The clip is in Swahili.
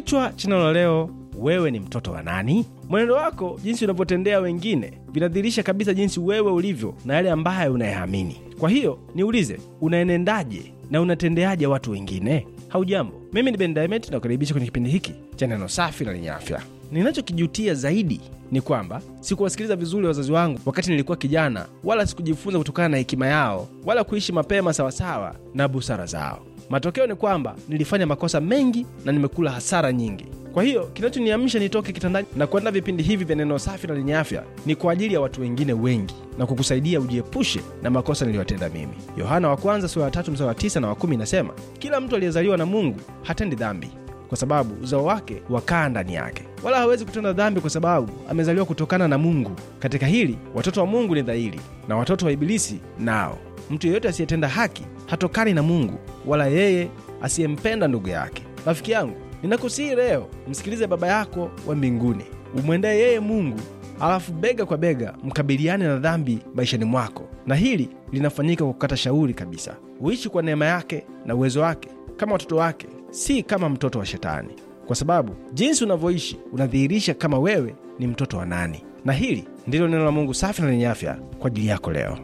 Kichwa cha neno la leo: wewe ni mtoto wa nani? Mwenendo wako, jinsi unavyotendea wengine, vinadhihirisha kabisa jinsi wewe ulivyo na yale ambayo unayaamini. Kwa hiyo niulize, unaenendaje na unatendeaje watu wengine? Haujambo, mimi ni bendamet Diamond, nakukaribisha kwenye kipindi hiki cha neno safi na lenye afya. Ninachokijutia zaidi ni kwamba sikuwasikiliza vizuri wazazi wangu wakati nilikuwa kijana, wala sikujifunza kutokana na hekima yao, wala kuishi mapema sawasawa na busara zao. Matokeo ni kwamba nilifanya makosa mengi na nimekula hasara nyingi. Kwa hiyo kinachoniamsha nitoke kitandani na kuandaa vipindi hivi vya neno safi na lenye afya ni kwa ajili ya watu wengine wengi na kukusaidia ujiepushe na makosa niliyotenda mimi. Yohana wa kwanza sura ya tatu mstari wa tisa na wa kumi inasema, kila mtu aliyezaliwa na Mungu hatendi dhambi kwa sababu uzao wake wakaa ndani yake, wala hawezi kutenda dhambi kwa sababu amezaliwa kutokana na Mungu. Katika hili watoto wa Mungu ni dhahiri, na watoto wa Ibilisi nao. Mtu yeyote asiyetenda haki hatokani na Mungu, wala yeye asiyempenda ndugu yake. Rafiki yangu, ninakusihi leo msikilize Baba yako wa mbinguni, umwendee yeye Mungu, alafu bega kwa bega mkabiliane na dhambi maishani mwako, na hili linafanyika kwa kukata shauri kabisa. Uishi kwa neema yake na uwezo wake kama watoto wake si kama mtoto wa Shetani, kwa sababu jinsi unavyoishi unadhihirisha kama wewe ni mtoto wa nani. Na hili ndilo neno la Mungu safi na lenye afya kwa ajili yako leo.